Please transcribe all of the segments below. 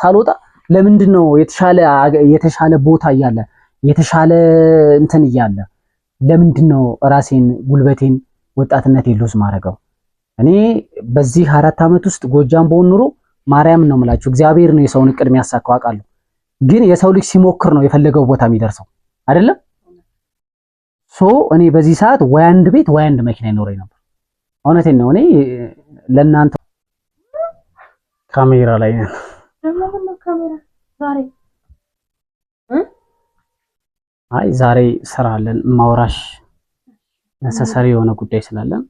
ሳልወጣ ለምንድን ነው የተሻለ የተሻለ ቦታ እያለ የተሻለ እንትን እያለ ለምንድን ነው ራሴን ጉልበቴን ወጣትነት የለውስ ማድረገው? እኔ በዚህ አራት ዓመት ውስጥ ጎጃም በሆን ኑሮ ማርያም ነው የምላችሁ፣ እግዚአብሔር ነው የሰውን እቅድ የሚያሳካው አውቃለሁ። ግን የሰው ልጅ ሲሞክር ነው የፈለገው ቦታ የሚደርሰው አይደለም። ሶ እኔ በዚህ ሰዓት ወይ አንድ ቤት ወይ አንድ መኪና ይኖረኝ ነበር። እውነቴን ነው። እኔ ለእናንተ ካሜራ ላይ ለምን ነው አይ ዛሬ ስራ አለን ማውራሽ ነሰሰሪ የሆነ ጉዳይ ስላለን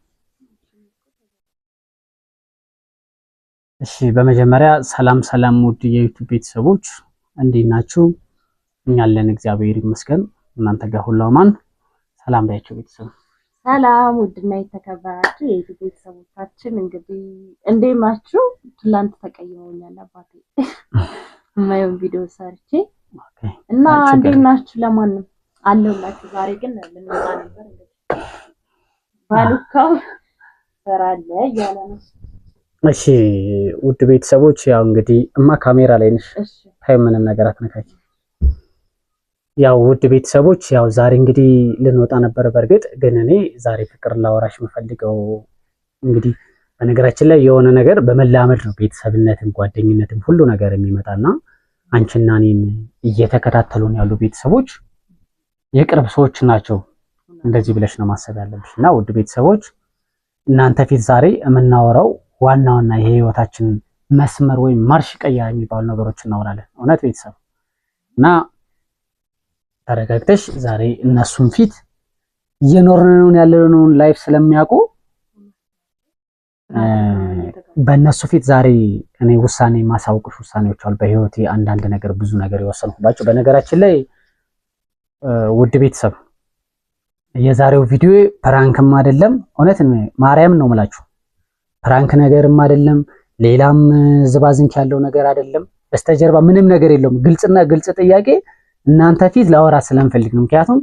እሺ በመጀመሪያ ሰላም ሰላም ውድ የዩቲዩብ ቤተሰቦች እንዴት ናችሁ እኛለን እግዚአብሔር ይመስገን እናንተ ጋር ሁሉ ሰላም ላይችሁ ቤተሰብ ሰላም ውድና የተከበራችሁ የኢትዮ ቤተሰቦቻችን እንግዲህ እንዴት ናችሁ? ትላንት ተቀይመውኛል አባቴ የማየውን ቪዲዮ ሰርቼ እና እንዴት ናችሁ? ለማንም አለሁላችሁ። ዛሬ ግን ልንወጣ ነበር። ባሉካው ሰራለ አለ እያለ ነው። እሺ ውድ ቤተሰቦች ያው እንግዲህ እማ ካሜራ ላይ ነሽ። እሺ ምንም ነገር አትነካች ያው ውድ ቤተሰቦች ያው ዛሬ እንግዲህ ልንወጣ ነበር። በእርግጥ ግን እኔ ዛሬ ፍቅር ላወራሽ የምፈልገው እንግዲህ በነገራችን ላይ የሆነ ነገር በመላመድ ነው ቤተሰብነትም ጓደኝነትም ሁሉ ነገር የሚመጣና አንቺና እኔን እየተከታተሉን ያሉ ቤተሰቦች የቅርብ ሰዎች ናቸው። እንደዚህ ብለሽ ነው ማሰብ ያለብሽ። እና ውድ ቤተሰቦች እናንተ ፊት ዛሬ የምናወራው ዋና ዋና የህይወታችን መስመር ወይም ማርሽ ቀያ የሚባሉ ነገሮች እናወራለን። እውነት ቤተሰብ እና ተረጋግተሽ ዛሬ እነሱን ፊት እየኖርነውን ያለነውን ላይፍ ስለሚያውቁ በእነሱ ፊት ዛሬ እኔ ውሳኔ ማሳውቅሽ ውሳኔዎች አሉ። በህይወቴ አንዳንድ ነገር ብዙ ነገር የወሰንኩባቸው። በነገራችን ላይ ውድ ቤተሰብ የዛሬው ቪዲዮ ፕራንክም አይደለም፣ እውነት ማርያም ነው የምላችሁ። ፕራንክ ነገርም አይደለም፣ ሌላም ዝባዝንክ ያለው ነገር አይደለም። በስተጀርባ ምንም ነገር የለውም። ግልጽና ግልጽ ጥያቄ እናንተ ፊት ላወራ ስለምፈልግ ነው። ምክንያቱም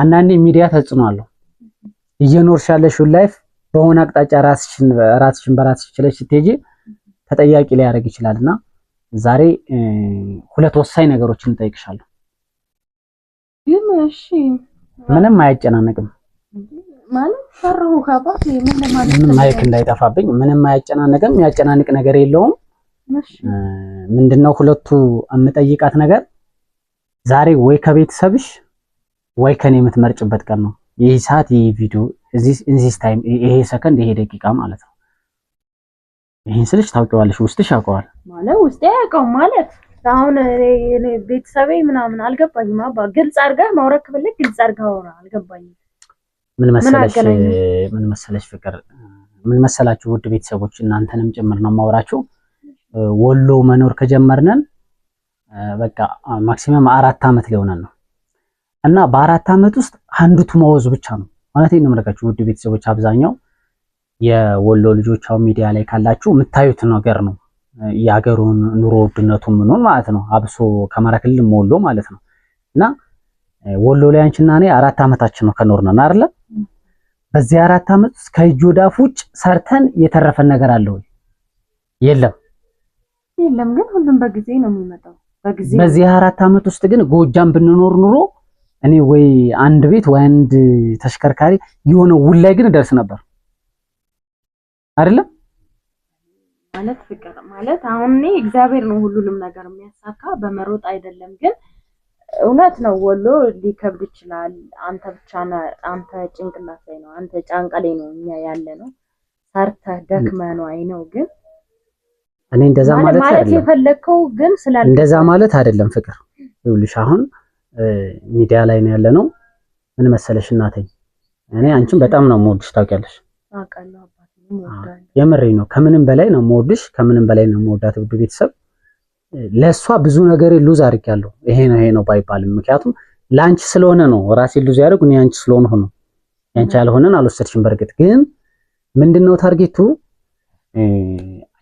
አንዳንዴ ሚዲያ ተጽዕኖ አለው። እየኖርሽ ያለሽውን ላይፍ በሆነ አቅጣጫ ራስሽን ራስሽን በራስሽ ችለሽ ስትሄጂ ተጠያቂ ሊያደርግ ይችላል እና ዛሬ ሁለት ወሳኝ ነገሮችን እንጠይቅሻለሁ። ግን እሺ ምንም አያጨናነቅም ማለት ፈራሁ ምንም ማይክ እንዳይጠፋብኝ ምንም አያጨናነቅም፣ ያጨናንቅ ነገር የለውም። ምንድነው ሁለቱ የምጠይቃት ነገር ዛሬ ወይ ከቤተሰብሽ ወይ ከኔ የምትመርጭበት ቀን ነው። ይህ ሰዓት፣ ይህ ቪዲዮ፣ እዚህ ታይም፣ ይሄ ሰከንድ፣ ይሄ ደቂቃ ማለት ነው። ይህን ስልሽ ታውቂዋለሽ፣ ውስጥሽ ያውቀዋል ማለት ውስጤ ያውቀው ማለት አሁን ቤተሰቤ ምናምን አልገባኝም። አባ ግልጽ አድርገህ ማውረክ ከፈለግ ግልጽ አድርገህ አውራ። አልገባኝም። ምን መሰለሽ ምን መሰለሽ ፍቅር ምን መሰላችሁ ውድ ቤተሰቦች እናንተንም ጭምር ነው ማውራችሁ። ወሎ መኖር ከጀመርነን በቃ ማክሲመም አራት ዓመት ሊሆነን ነው እና በአራት ዓመት ውስጥ አንዱ ቱማወዝ ብቻ ነው ማለት ነው። የምረጋችሁ ውድ ቤተሰቦች አብዛኛው የወሎ ልጆች አሁን ሚዲያ ላይ ካላችሁ የምታዩት ነገር ነው። የሀገሩን ኑሮ ውድነቱ ምኑን ማለት ነው። አብሶ ከአማራ ክልል ወሎ ማለት ነው እና ወሎ ላይ አንቺና እኔ አራት ዓመታችን ነው ከኖርነን አይደለ? በዚህ አራት ዓመት ውስጥ ከእጅ ወዳፍ ውጭ ሰርተን የተረፈን ነገር አለ ወይ? የለም፣ የለም። ግን ሁሉም በጊዜ ነው የሚመጣው በዚህ አራት ዓመት ውስጥ ግን ጎጃም ብንኖር ኑሮ እኔ ወይ አንድ ቤት ወይ አንድ ተሽከርካሪ የሆነ ውል ላይ ግን ደርስ ነበር። አይደለም ማለት ፍቅር ማለት አሁን እኔ እግዚአብሔር ነው ሁሉንም ነገር የሚያሳካ በመሮጥ አይደለም። ግን እውነት ነው ወሎ ሊከብድ ይችላል። አንተ ብቻ ነህ፣ አንተ ጭንቅላት ላይ ነው፣ አንተ ጫንቃ ላይ ነው እኛ ያለ ነው። ሰርተህ ደክመህ ነው አይ ነው ግን እኔ እንደዛ ማለት አይደለም የፈለከው ግን ስላል እንደዛ ማለት አይደለም ፍቅር ይኸውልሽ አሁን ሚዲያ ላይ ነው ያለ ነው ምን መሰለሽ እናቴ እኔ አንቺን በጣም ነው የምወድሽ ታውቂያለሽ የምሬ ነው ከምንም በላይ ነው የምወድሽ ከምንም በላይ ነው የምወዳት ውድ ቤተሰብ ለእሷ ብዙ ነገር ሉዝ አድርጊያለሁ ይሄ ነው ይሄ ነው ባይባልም ምክንያቱም ለአንቺ ስለሆነ ነው ራሴ ሉዝ ያደርጉ እኔ አንቺ ስለሆነ ነው ያንቺ ያልሆነን አልወሰድሽም በእርግጥ ግን ምንድነው ታርጌቱ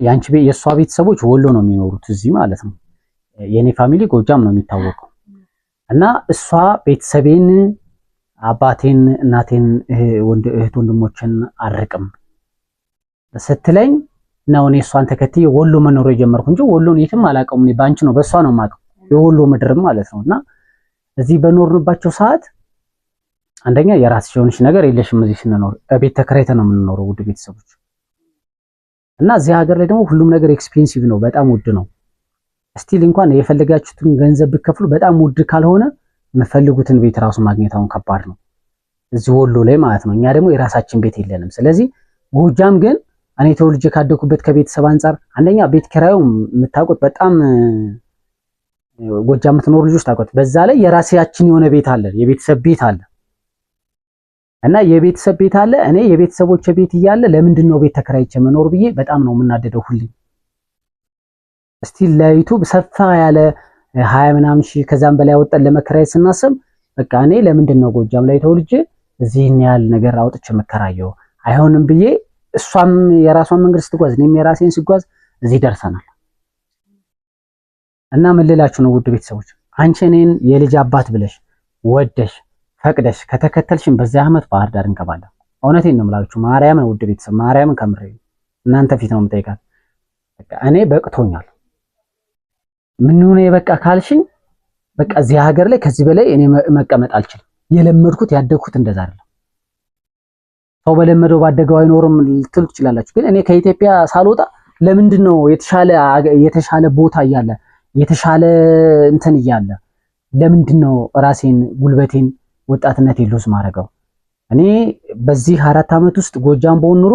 የአንቺ የእሷ ቤተሰቦች ወሎ ነው የሚኖሩት እዚህ ማለት ነው። የእኔ ፋሚሊ ጎጃም ነው የሚታወቀው እና እሷ ቤተሰቤን አባቴን፣ እናቴን፣ እህት ወንድሞችን አርቅም ስትለኝ ነው እኔ እሷን ተከትዬ ወሎ መኖር የጀመርኩ እንጂ ወሎን የትም አላውቀውም። እኔ በአንቺ ነው በእሷ ነው የማውቀው የወሎ ምድርም ማለት ነው እና እዚህ በኖርንባቸው ሰዓት አንደኛ የራስሽ የሆንሽ ነገር የለሽም። እዚህ ስንኖር ቤት ተከራይተን ነው የምንኖረው ውድ ቤተሰቦች እና እዚህ ሀገር ላይ ደግሞ ሁሉም ነገር ኤክስፔንሲቭ ነው፣ በጣም ውድ ነው። ስቲል እንኳን የፈለጋችሁትን ገንዘብ ብከፍሉ በጣም ውድ ካልሆነ የምፈልጉትን ቤት ራሱ ማግኘት አሁን ከባድ ነው፣ እዚህ ወሎ ላይ ማለት ነው። እኛ ደግሞ የራሳችን ቤት የለንም። ስለዚህ ጎጃም ግን እኔ ተወልጄ ካደኩበት ከቤተሰብ አንጻር አንደኛ ቤት ኪራዩ የምታውቁት በጣም ጎጃም የምትኖሩ ልጆች ታውቁት። በዛ ላይ የራሳችን የሆነ ቤት አለ የቤተሰብ ቤት አለ። እና የቤተሰብ ቤት አለ። እኔ የቤተሰቦች ቤት እያለ ለምንድን ነው ቤት ተከራይቼ መኖር ብዬ በጣም ነው የምናደደው። ሁሌ እስቲ ለዩቱብ ሰፋ ያለ ሀያ ምናምን ሺህ ከዛም በላይ አወጣን ለመከራየት ስናስብ በቃ እኔ ለምንድን ነው ጎጃም ላይ ተወልጄ እዚህን ያህል ነገር አውጥቼ የምከራየው አይሆንም ብዬ እሷም የራሷን መንገድ ስትጓዝ እኔም የራሴን ስጓዝ እዚህ ደርሰናል። እና ምን ልላችሁ ነው ውድ ቤተሰቦች አንቺ እኔን የልጅ አባት ብለሽ ወደሽ ፈቅደሽ ከተከተልሽን በዚህ ዓመት ባህር ዳር እንገባለን። እውነቴን ነው የምላችሁ። ማርያምን ውድ ቤተሰብ ማርያምን ከምሬ እናንተ ፊት ነው የምጠይቃት። እኔ በቅቶኛል። ምን ሆነ የበቃ ካልሽኝ በቃ እዚህ ሀገር ላይ ከዚህ በላይ እኔ መቀመጥ አልችልም። የለመድኩት ያደግኩት እንደዛ አይደለም። ሰው በለመደው ባደገው አይኖርም ልትሉ ትችላላችሁ። ግን እኔ ከኢትዮጵያ ሳልወጣ ለምንድን ነው የተሻለ የተሻለ ቦታ እያለ የተሻለ እንትን እያለ ለምንድን ነው ራሴን ጉልበቴን ወጣትነት የሉስ ማረገው እኔ በዚህ አራት ዓመት ውስጥ ጎጃም በሆን ኑሮ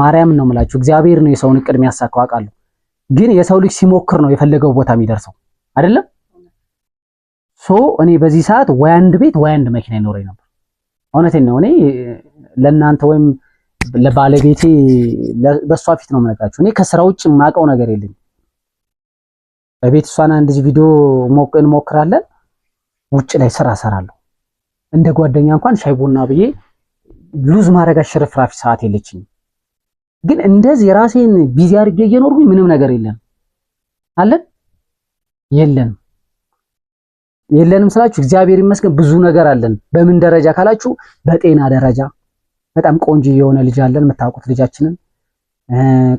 ማርያም ነው የምላችሁ፣ እግዚአብሔር ነው የሰውን እቅድ የሚያሳካው አውቃለሁ። ግን የሰው ልጅ ሲሞክር ነው የፈለገው ቦታ የሚደርሰው አይደለም። ሶ እኔ በዚህ ሰዓት ወይ አንድ ቤት ወይ አንድ መኪና ይኖረኝ ነበር። እውነቴን ነው። እኔ ለእናንተ ወይም ለባለቤቴ በእሷ ፊት ነው የምነግራችሁ። እኔ ከስራ ውጭ የማውቀው ነገር የለኝም። በቤት እሷን አንድ ቪዲዮ እንሞክራለን፣ ውጭ ላይ ስራ እሰራለሁ። እንደ ጓደኛ እንኳን ሻይ ቡና ብዬ ሉዝ ማድረግ ሽርፍራፊ ሰዓት የለችኝም። ግን እንደዚህ የራሴን ቢዚ አድርጌ እየኖርኩኝ ምንም ነገር የለም አለን የለንም የለንም ስላችሁ እግዚአብሔር ይመስገን ብዙ ነገር አለን። በምን ደረጃ ካላችሁ በጤና ደረጃ በጣም ቆንጆ የሆነ ልጅ አለን። የምታውቁት ልጃችንን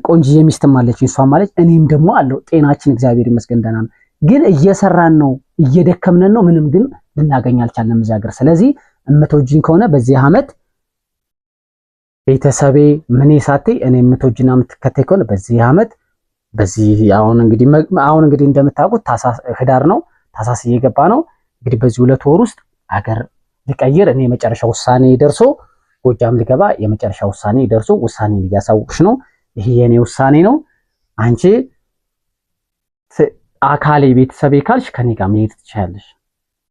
ቆንጆ የሚስትም አለች እሷም አለች እኔም ደግሞ አለው። ጤናችን እግዚአብሔር ይመስገን ደህና ነው። ግን እየሰራን ነው፣ እየደከምነን ነው። ምንም ግን ልናገኝ አልቻለም እዚህ ሀገር። ስለዚህ እምትወጂኝ ከሆነ በዚህ አመት ቤተሰቤ ምኔ ሳቴ እኔ የምትወጂና የምትከተይ ከሆነ በዚህ አመት በዚህ አሁን እንግዲህ አሁን እንግዲህ እንደምታውቁት ህዳር ነው፣ ታሳስ እየገባ ነው። እንግዲህ በዚህ ሁለት ወር ውስጥ አገር ልቀይር እኔ የመጨረሻ ውሳኔ ደርሶ ጎጃም ልገባ የመጨረሻ ውሳኔ ደርሶ ውሳኔ እያሳውቅሽ ነው። ይሄ የኔ ውሳኔ ነው። አንቺ አካሌ ቤተሰቤ ካልሽ ከኔ ጋር መሄድ ትችያለሽ።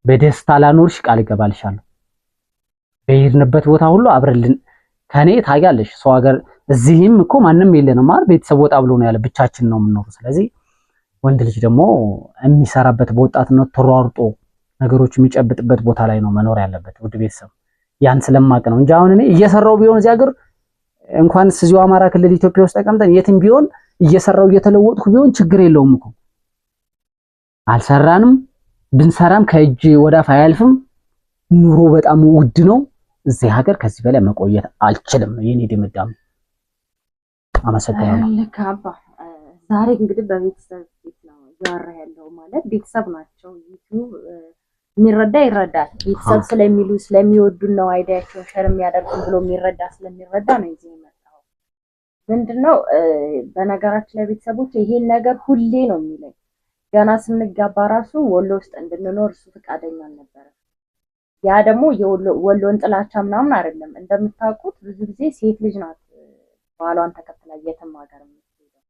በደስታ ላኖርሽ ቃል እገባልሻለሁ። በሄድንበት ቦታ ሁሉ አብረልን ከኔ ታያለሽ። ሰው ሀገር እዚህም እኮ ማንም የለንም ማለት ቤተሰብ ወጣ ብሎ ነው ያለ፣ ብቻችን ነው የምንኖረው። ስለዚህ ወንድ ልጅ ደግሞ የሚሰራበት በወጣትነት ተሯርጦ ነገሮች የሚጨብጥበት ቦታ ላይ ነው መኖር ያለበት። ውድ ቤተሰብ ያን ስለማቅ ነው እንጂ አሁን እኔ እየሰራው ቢሆን እዚህ ሀገር እንኳንስ እዚሁ አማራ ክልል ኢትዮጵያ ውስጥ ተቀምጠን የትም ቢሆን እየሰራው እየተለወጥኩ ቢሆን ችግር የለውም እኮ አልሰራንም፣ ብንሰራም ከእጅ ወዳፍ አያልፍም። ኑሮ በጣም ውድ ነው። እዚህ ሀገር ከዚህ በላይ መቆየት አልችልም። የኔ ድምዳሜ። አመሰግናለሁ። ዛሬ እንግዲህ በቤተሰብ ቤት ነው እያወራ ያለው። ማለት ቤተሰብ ናቸው። ዩቲዩብ የሚረዳ ይረዳል። ቤተሰብ ስለሚሉ ስለሚወዱን ነው አይዲያቸው ሸር የሚያደርጉን ብሎ የሚረዳ ስለሚረዳ ነው ይዤ የመጣሁት። ምንድነው በነገራችን ላይ ቤተሰቦች ይሄን ነገር ሁሌ ነው የሚለኝ ገና ስንጋባ ራሱ ወሎ ውስጥ እንድንኖር እሱ ፈቃደኛ አልነበረም። ያ ደግሞ ወሎን ጥላቻ ምናምን አይደለም። እንደምታውቁት ብዙ ጊዜ ሴት ልጅ ናት ባሏን ተከትላ የትም ሀገር የምትሄደው።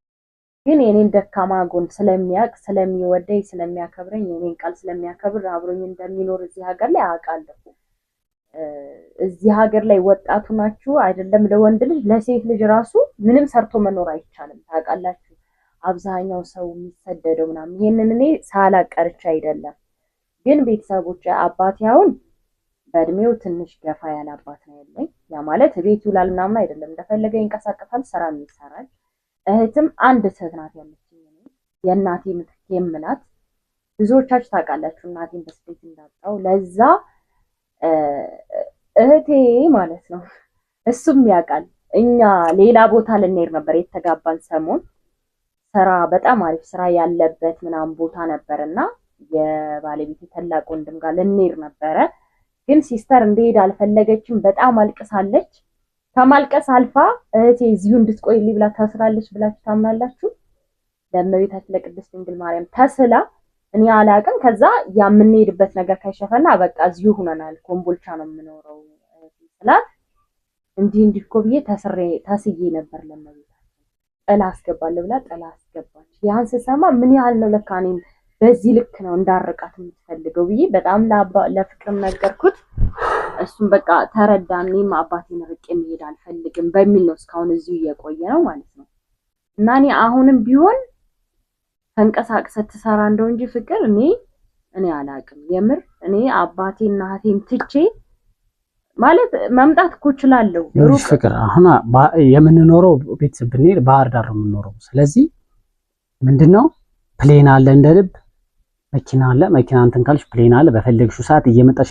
ግን የኔን ደካማ ጎን ስለሚያውቅ፣ ስለሚወደኝ፣ ስለሚያከብረኝ የኔን ቃል ስለሚያከብር አብሮኝ እንደሚኖር እዚህ ሀገር ላይ አውቃለሁ። እዚህ ሀገር ላይ ወጣቱ ናችሁ አይደለም ለወንድ ልጅ ለሴት ልጅ ራሱ ምንም ሰርቶ መኖር አይቻልም። ታውቃላችሁ አብዛኛው ሰው የሚሰደደው ምናምን ይህንን እኔ ሳላቀርቻ አይደለም። ግን ቤተሰቦች አባቴ አሁን በእድሜው ትንሽ ገፋ ያለ አባት ነው ያለኝ። ያ ማለት ቤት ይውላል ምናምን አይደለም፣ እንደፈለገ ይንቀሳቀሳል፣ ስራ ይሰራል። እህትም አንድ እህት ናት ያለችኝ፣ የእናቴ ምትክ የምላት። ብዙዎቻችሁ ታውቃላችሁ እናቴን በስደት እንዳጣው። ለዛ እህቴ ማለት ነው እሱም ያውቃል። እኛ ሌላ ቦታ ልንሄድ ነበር የተጋባን ሰሞን ስራ በጣም አሪፍ ስራ ያለበት ምናምን ቦታ ነበር እና የባለቤቴ ታላቅ ወንድም ጋር ልንሄድ ነበረ። ግን ሲስተር እንደሄድ አልፈለገችም። በጣም አልቅሳለች። ከማልቀስ አልፋ እህቴ እዚሁ እንድትቆይልኝ ብላ ታስራለች ብላችሁ ታምናላችሁ? ለእመቤታችን ለቅድስት ድንግል ማርያም ተስላ እኔ አላቅም። ከዛ የምንሄድበት ነገር ከሸፈና በቃ እዚሁ ሁነናል። ኮምቦልቻ ነው የምኖረው ስላት እንዲህ እንዲህ እኮ ብዬ ተስዬ ነበር ለእመቤታችን ጥላ አስገባለሁ ብላ ጠላ አስገባች። ያን ስሰማ ምን ያህል ነው ለካ በዚህ ልክ ነው እንዳርቃት የምትፈልገው ብዬ በጣም ለፍቅርም ነገርኩት። እሱም በቃ ተረዳ። እኔም አባቴን ርቄ መሄድ አልፈልግም በሚል ነው እስካሁን እዚሁ እየቆየ ነው ማለት ነው። እና እኔ አሁንም ቢሆን ተንቀሳቅሰ ትሰራ እንደው እንጂ ፍቅር እኔ እኔ አላቅም የምር እኔ አባቴን እናቴን ትቼ ማለት መምጣት እኮ እችላለሁ። ፍቅር አሁን የምንኖረው ቤተሰብ ብንሄድ ባህር ዳር የምንኖረው። ስለዚህ ምንድነው ፕሌን አለ እንደ ልብ መኪና አለ። መኪና እንትን ካልሽ ፕሌን አለ። በፈለግሽው ሰዓት እየመጣሽ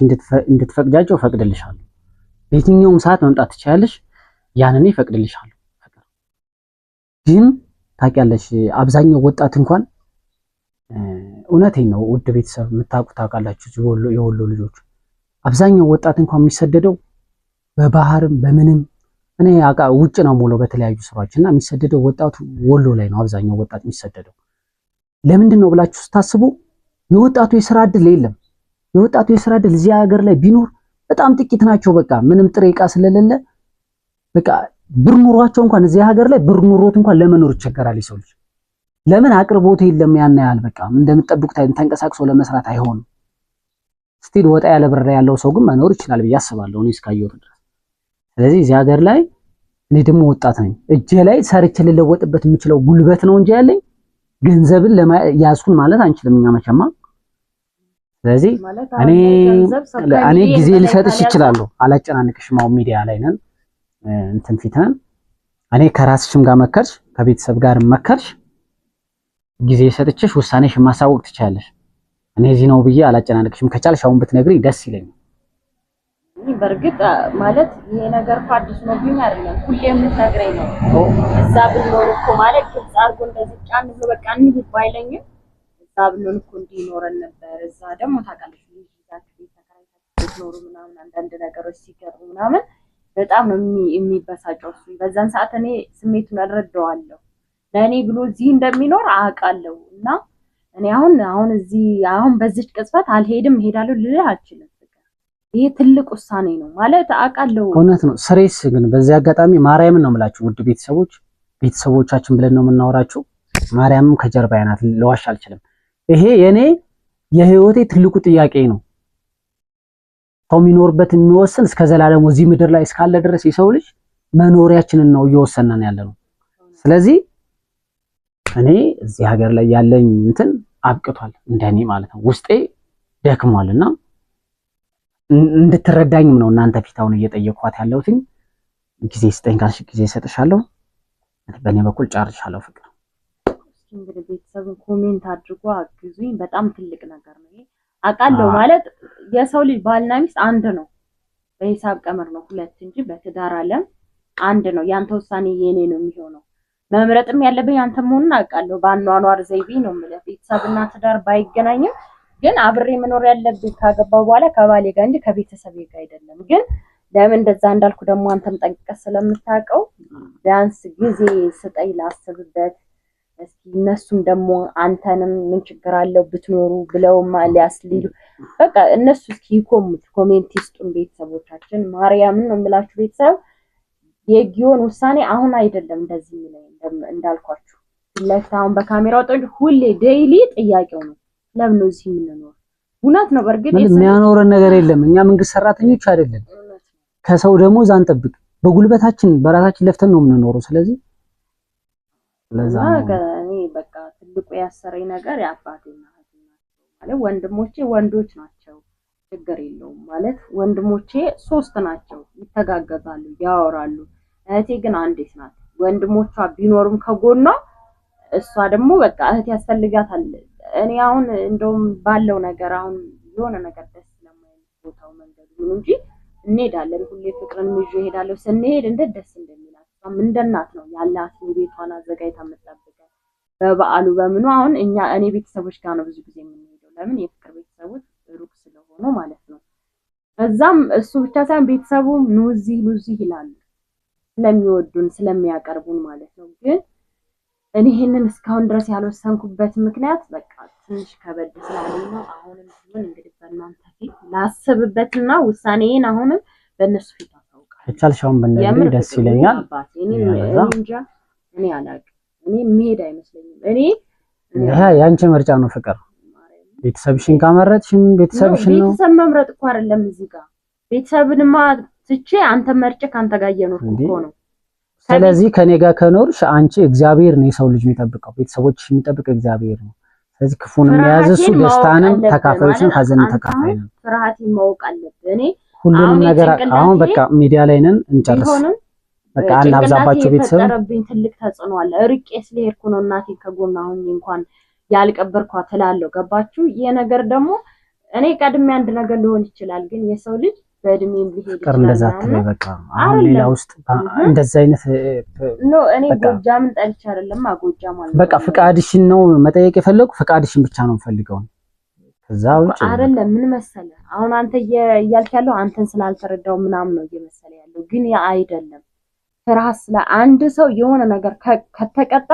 እንድትፈቅጃቸው እፈቅድልሻለሁ። በየትኛውም ሰዓት መምጣት ትችያለሽ። ያንን ይፈቅድልሻሉ ግን ታውቂያለሽ፣ አብዛኛው ወጣት እንኳን እውነቴን ነው ውድ ቤተሰብ የምታውቁ ታውቃላችሁ፣ የወሎ ልጆች አብዛኛው ወጣት እንኳን የሚሰደደው በባህርም በምንም እኔ አቃ ውጭ ነው ሞሎ በተለያዩ ስራዎች እና የሚሰደደው ወጣቱ ወሎ ላይ ነው። አብዛኛው ወጣት የሚሰደደው ለምንድን ነው ብላችሁ ስታስቡ የወጣቱ የስራ እድል የለም። የወጣቱ የስራ እድል እዚህ ሀገር ላይ ቢኖር በጣም ጥቂት ናቸው። በቃ ምንም ጥሬ እቃ ስለሌለ በቃ ብር ኑሯቸው እንኳን እዚህ ሀገር ላይ ብር ኑሮት እንኳን ለመኖር ይቸገራል የሰው ልጅ። ለምን አቅርቦት የለም ያን ያህል በቃ እንደምትጠብቁት ተንቀሳቅሶ ለመስራት አይሆንም። ስቲል ወጣ ያለ ብር ያለው ሰው ግን መኖር ይችላል ብዬ አስባለሁ እኔ እስካየሁት ድረስ። ስለዚህ እዚህ ሀገር ላይ እኔ ደግሞ ወጣት ነኝ። እጄ ላይ ሰርቼ ልለወጥበት የምችለው ጉልበት ነው እንጂ ያለኝ ገንዘብን ያዝኩን ማለት አንችልም እኛ መቼማ። ስለዚህ እኔ እኔ ጊዜ ልሰጥሽ ይችላሉ አላጨናንቅሽም። አሁን ሚዲያ ላይ ነን እንትን ፊት ነን። እኔ ከራስሽም ጋር መከርሽ፣ ከቤተሰብ ጋር መከርሽ፣ ጊዜ ሰጥችሽ ውሳኔሽ ማሳወቅ ትችላለሽ። እኔ እዚህ ነው ብዬ አላጨናንቅሽም። ከቻልሽ አሁን ብትነግሪኝ ደስ ይለኛል። በእርግጥ ማለት ይሄ ነገር እኮ አዲስ ነው ብኝ አይደለም፣ ሁሌ የምትነግረኝ ነው። እዛ ብንኖር እኮ ማለት ግልጽ አድርጎ እንደዚህ ጫን ብሎ በቃ እንሂድ ባይለኝም እዛ ብንሆን እኮ እንዲህ ይኖረን ነበር። እዛ ደግሞ ታውቃለች ኖሩ ምናምን አንዳንድ ነገሮች ሲገሩ ምናምን በጣም ነው የሚበሳጨው እሱ። በዛን ሰዓት እኔ ስሜቱን አልረዳዋለሁ። ለእኔ ብሎ እዚህ እንደሚኖር አውቃለሁ እና እኔ አሁን አሁን እዚህ አሁን በዚች ቅጽበት አልሄድም እሄዳለሁ ልልህ አልችልም። ይሄ ትልቅ ውሳኔ ነው ማለት አውቃለሁ። እውነት ነው ስሬስ ግን በዚህ አጋጣሚ ማርያምን ነው የምላችሁ ውድ ቤተሰቦች ቤተሰቦቻችን ብለን ነው የምናወራችሁ። ማርያምም ከጀርባ ናት፣ ልዋሽ አልችልም። ይሄ የኔ የህይወቴ ትልቁ ጥያቄ ነው። ሰው የሚኖርበት የሚወስን እስከ ዘላለሙ እዚህ ምድር ላይ እስካለ ድረስ የሰው ልጅ መኖሪያችንን ነው እየወሰነን ያለ ነው። ስለዚህ እኔ እዚህ ሀገር ላይ ያለኝ እንትን አብቅቷል፣ እንደኔ ማለት ነው። ውስጤ ደክሟል እና እንድትረዳኝም ነው እናንተ ፊት አሁን እየጠየኳት ያለሁትኝ። ጊዜ ስጠኝ ካልሽ ጊዜ እሰጥሻለሁ። በእኔ በኩል ጨርሻለሁ። ፍቅር እንግዲህ ቤተሰብን ኮሜንት አድርጎ አግዙኝ። በጣም ትልቅ ነገር ነው አውቃለሁ። ማለት የሰው ልጅ ባልና ሚስት አንድ ነው። በሂሳብ ቀመር ነው ሁለት እንጂ በትዳር አለም አንድ ነው። ያንተ ውሳኔ የኔ ነው የሚሆነው መምረጥም ያለብኝ አንተ መሆኑን አውቃለሁ። በአኗኗር ዘይቤ ነው የምልህ። ቤተሰብና ትዳር ባይገናኝም ግን አብሬ መኖር ያለብኝ ካገባው በኋላ ከባሌ ጋር እንጂ ከቤተሰቤ ጋር አይደለም። ግን ለምን እንደዛ እንዳልኩ ደግሞ አንተም ጠንቅቀህ ስለምታውቀው ቢያንስ ጊዜ ስጠይ ላስብበት። እስኪ እነሱም ደግሞ አንተንም ምን ችግር አለው ብትኖሩ ብለው ሊሉ በቃ እነሱ እስኪ ኮሜንት ይስጡን ቤተሰቦቻችን። ማርያምን ነው የምላችሁ ቤተሰብ የጊዮን ውሳኔ አሁን አይደለም እንደዚህ የሚለኝ እንዳልኳችሁ ላይፍ አሁን በካሜራ ወጣች። ሁሌ ዴይሊ ጥያቄው ነው ለምን ነው እዚህ የምንኖር? እውነት ነው። በእርግጥ የሚያኖረን ነገር የለም። እኛ መንግስት ሰራተኞች አይደለም። ከሰው ደሞዝ አንጠብቅ። በጉልበታችን በራሳችን ለፍተን ነው የምንኖረው። ስለዚህ ለዛ እኔ በቃ ትልቁ ያሰረኝ ነገር የአባቴና ማለት ወንድሞቼ ወንዶች ናቸው፣ ችግር የለውም ማለት ወንድሞቼ ሶስት ናቸው፣ ይተጋገዛሉ፣ ያወራሉ እህቴ ግን አንዴት ናት። ወንድሞቿ ቢኖሩም ከጎኗ እሷ ደግሞ በቃ እህት ያስፈልጋታል። እኔ አሁን እንደውም ባለው ነገር አሁን የሆነ ነገር ደስ ስለማይል ቦታው መንገዱ ምን እንጂ እንሄዳለን። ሁሌ ፍቅርን ይዤ እሄዳለሁ። ስንሄድ እንደት ደስ እንደሚላት እሷም እንደ እናት ነው ያላት። ቤቷን አዘጋጅታ የምጠብቀን በበዓሉ በምኑ አሁን እኛ እኔ ቤተሰቦች ጋር ነው ብዙ ጊዜ የምንሄደው። ለምን የፍቅር ቤተሰቦች ሩቅ ስለሆኑ ማለት ነው። በዛም እሱ ብቻ ሳይሆን ቤተሰቡም ኑ እዚህ ኑ እዚህ ይላሉ። ስለሚወዱን ስለሚያቀርቡን ማለት ነው። ግን እኔ ይህንን እስካሁን ድረስ ያልወሰንኩበት ምክንያት በቃ ትንሽ ከበድ ስላለኝ ነው። አሁንም ቢሆን እንግዲህ በእናንተ ፊት ላስብበትና ውሳኔዬን አሁንም በእነሱ ፊት አሳውቃለሁ። ከቻልሽ አሁን ደስ ይለኛል። እንጃ እኔ አላውቅም። እኔ መሄድ አይመስለኝም። እኔ ይሄ የአንቺ ምርጫ ነው ፍቅር ቤተሰብሽን ካመረጥሽም ቤተሰብሽን ነው። ቤተሰብ መምረጥ እኮ አይደለም እዚህ ጋር ቤተሰብንማ ስቼ አንተ መርጬ ካንተ ጋር እየኖርኩ እኮ ነው። ስለዚህ ከኔ ጋር ከኖርሽ አንቺ እግዚአብሔር ነው የሰው ልጅ የሚጠብቀው፣ ቤተሰቦችሽ የሚጠብቀው እግዚአብሔር ነው። ስለዚህ ክፉን የሚያዝ እሱ፣ ደስታንም ተካፋዮችን ሐዘንን ተካፋይ ነው። ፍርሃቴን ማወቅ አለብህ። እኔ ሁሉንም ነገር አሁን በቃ ሚዲያ ላይ ነን እንጨርስ። በቃ አናብዛባቸው። ቤተሰብ የፈጠረብኝ ትልቅ ተጽዕኖ አለ። ርቄ ስለሄድኩ ነው እናቴን ከጎና አሁን እንኳን ያልቀበርኳ እላለሁ። ገባችሁ? ይሄ ነገር ደግሞ እኔ ቀድሜ አንድ ነገር ሊሆን ይችላል፣ ግን የሰው ልጅ በእድሜም ሊሄድ ይችላል። እንደዛ አትበይ። በቃ አሁን ሌላ ውስጥ እንደዛ አይነት ኖ እኔ ጎጃምን ጠልቼ አይደለም። ጎጃ ማለት በቃ ፍቃድሽን ነው መጠየቅ የፈለጉ ፍቃድሽን ብቻ ነው የምፈልገው። ከዛ ውጭ አይደለም። ምን መሰለ አሁን አንተ እያልክ ያለው አንተን ስላልተረዳው ምናምን ነው እየመሰለ ያለው፣ ግን ያ አይደለም። ፍርሃት ስለ አንድ ሰው የሆነ ነገር ከተቀጣ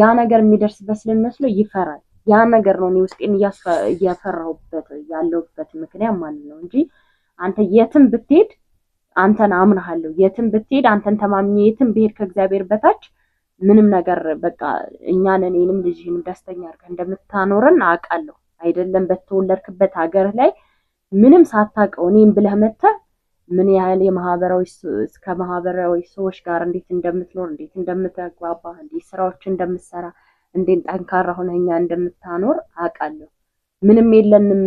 ያ ነገር የሚደርስበት ስለሚመስለው ይፈራል። ያ ነገር ነው እኔ ውስጤን እያፈራሁበት ያለሁበት ምክንያት ማለት ነው እንጂ አንተ የትም ብትሄድ አንተን አምናሃለሁ፣ የትም ብትሄድ አንተን ተማምኜ፣ የትም ብሄድ ከእግዚአብሔር በታች ምንም ነገር በቃ እኛን እኔንም ልጅህን ደስተኛ አድርገህ እንደምታኖረን አውቃለሁ። አይደለም በተወለድክበት ሀገር ላይ ምንም ሳታውቀው እኔም ብለህ ምን ያህል የማህበራዊ እስከ ማህበራዊ ሰዎች ጋር እንዴት እንደምትኖር እንዴት እንደምትግባባ እንዴት ስራዎች እንደምትሰራ እንዴት ጠንካራ ሆነህ እኛ እንደምታኖር አውቃለሁ። ምንም የለንም፣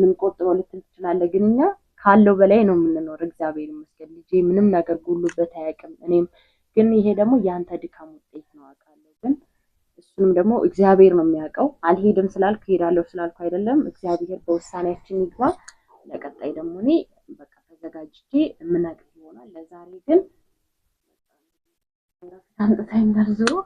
ምን ቆጥበው ልትል ትችላለህ፣ ግን እኛ ካለው በላይ ነው የምንኖር። እግዚአብሔር ይመስገን ልጄ ምንም ነገር ጎሎበት አያውቅም። እኔም ግን ይሄ ደግሞ የአንተ ድካም ውጤት ነው አውቃለሁ። ግን እሱንም ደግሞ እግዚአብሔር ነው የሚያውቀው። አልሄድም ስላልኩ ሄዳለሁ ስላልኩ አይደለም። እግዚአብሔር በውሳኔያችን ይግባ። ለቀጣይ ደግሞ እኔ በቃ ተዘጋጅቼ የምናቅፍ ይሆናል። ለዛሬ ግን አንጥታኝ ዞሮ